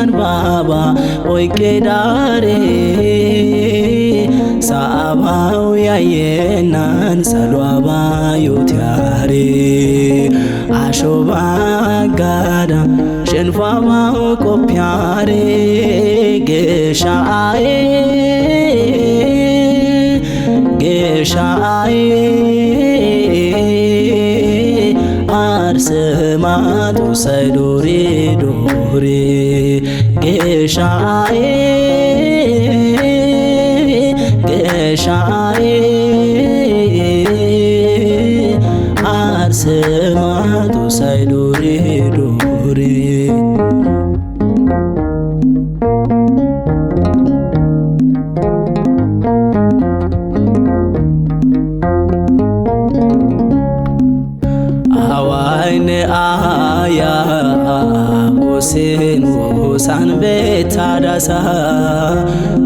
አንባባ ኦይ ቄዳሬ ሳአባው ያየናን ሰሏባ ዩትያሬ አሾባ ጋዳ ሸንፏባው ቆፕያሬ ጌሻአዬ ጌሻአዬ አርስማቱ ሰይዱሪዱ ኩሪ ጌሻዬ ጌሻ ቶሲን ወሳን ቤታዳሳ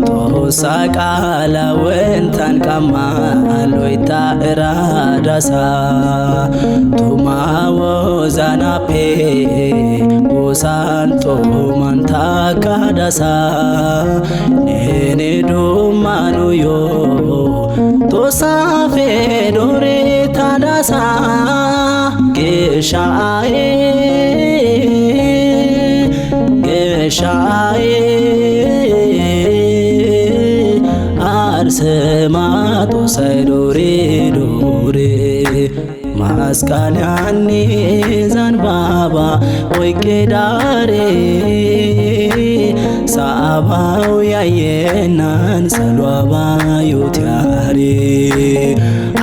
ቶሳ ቃላ ወንታን ቃማ ሎይታ እራዳሳ ቱማ ወዛናፔ ወሳን ቶማንታ ካዳሳ ኔኔ ዱማኑዮ ቶሳፌ ዶሬ ታዳሳ ጌሻዬ ድርሻዬ አርሰማቶ ሳይዶሬ ዶሬ ማስቃልያኔ ዛንባባ ወይቄ ዳሬ ሳአባው ያየናን ሰሏባ ዮትያሬ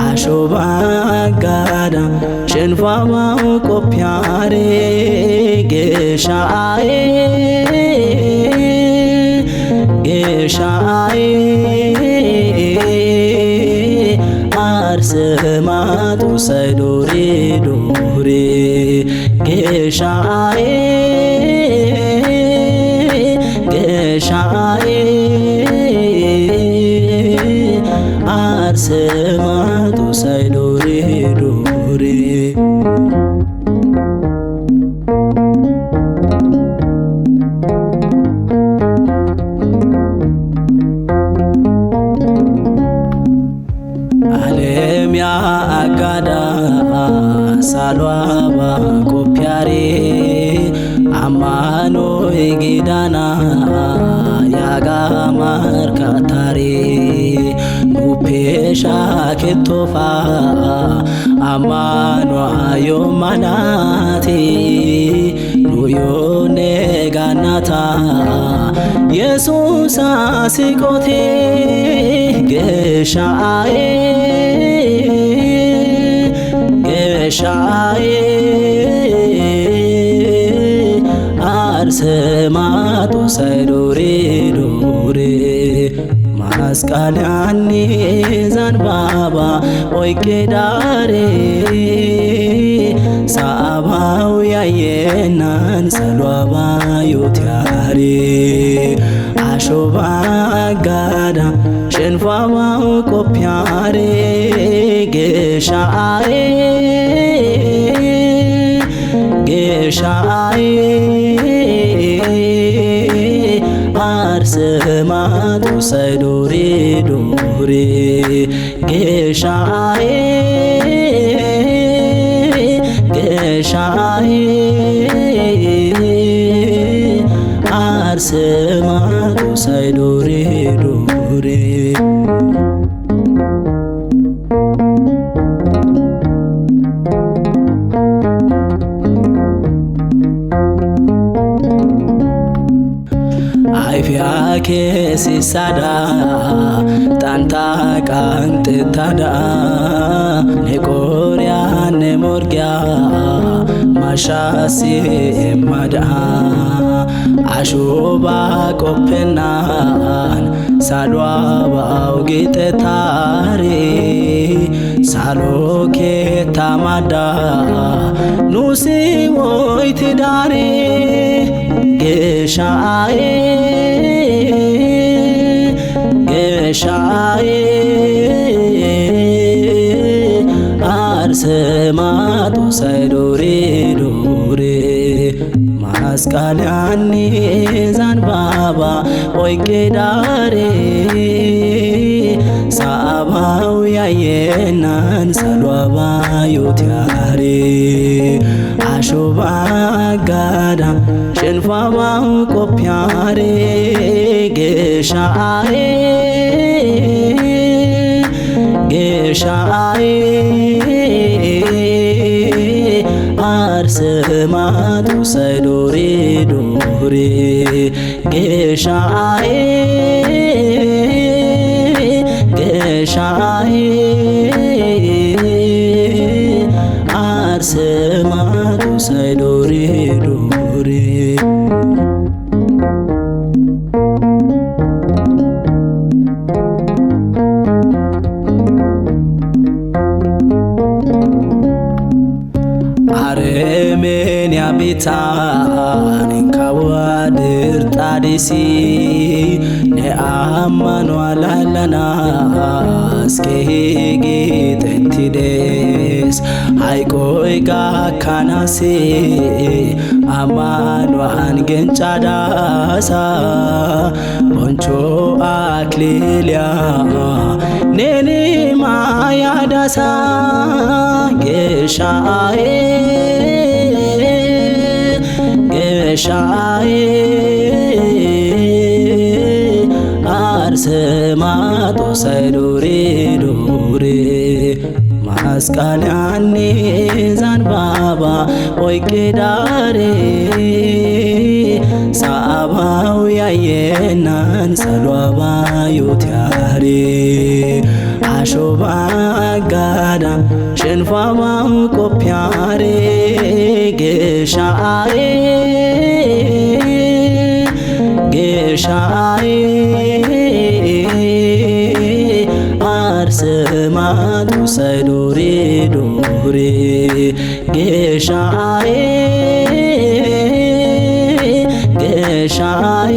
አሾባ ጋዳ ሸንፋባው ቆፕያሬ ጌሻዬ ሻይ አርስማቱ ሰዶሪ ዶሪ ጌሻዬ ጊዳና ያጋማር ካታሬ ጉፔሻ ኬቶፋ አማኗ ዮማናቲ ኑዮኔ ጋናታ የሱሳ ሲቆቴ ገሻዬ ገሻዬ አርሰ መስቃል ያኒ ዘንባባ ወይ ቄዳሪ ሳአባው ያየናን ሰሏባ ዮትያሪ አሾባ ጋዳ ሽንፏባው ቆፕያሪ ጌሻአይ ጌሻአይ አርስማቱ አክብሪ ጌሻዬ ጌሻዬ አርሴማ ጎሳዬ ኬሲሳዳ ጣንታ ቃንጥታዳ ኔቆርያ ኔሞርጊያ ማሻሲ ኤማዳ አሹባ ቆፔናን ሳሏ ባውጌጠታሪ ሳሎኬ ታማዳ ኑሲ ወይትዳሪ ጌሻዬ መነሻዬ አርሰማጡ ሳይዶሬ ዶሬ ማስቃልያኔ ዛንባባ ወይቄ ዳሬ ሳአባው ያየናን ሰሏባ ዮትያሬ አሾባ ጋዳ ሽንፋባው ቆፕያሬ ገሻአሬ ድርሻዬ አርሰማቱ ሰዶሬ ዶሬ ጌሻዬ ጌሻዬ አርሰማቱ ሰዶሬ ዶሬ ማርያምን ያቢታን እንካዋድር ጣዲሲ ነአማኗ ላለና እስኬ ጌጠትዴ አይቆይ ጋካናሴ አማኗን ገንጫዳሳ ቦንቾ አክሊልያ ኔኒ ማያዳሳ ጌሻዬ ጌሻዬ አርሰማጦ ሳይዱሪ መስቀል ዘንባባ ወይ ቅዳሬ ሳአባው ያየናን ሰሏባዩት ያሬ አሾባ ጋዳ ሽንፋባው ቆፒያሬ ጌሻአይ ጌሻአይ ሳይ ዱሪ ዱሪ ጌሻዬ ጌሻዬ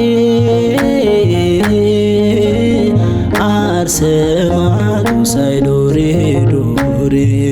አርሴማ ሳይ ዱሪ ዱሪ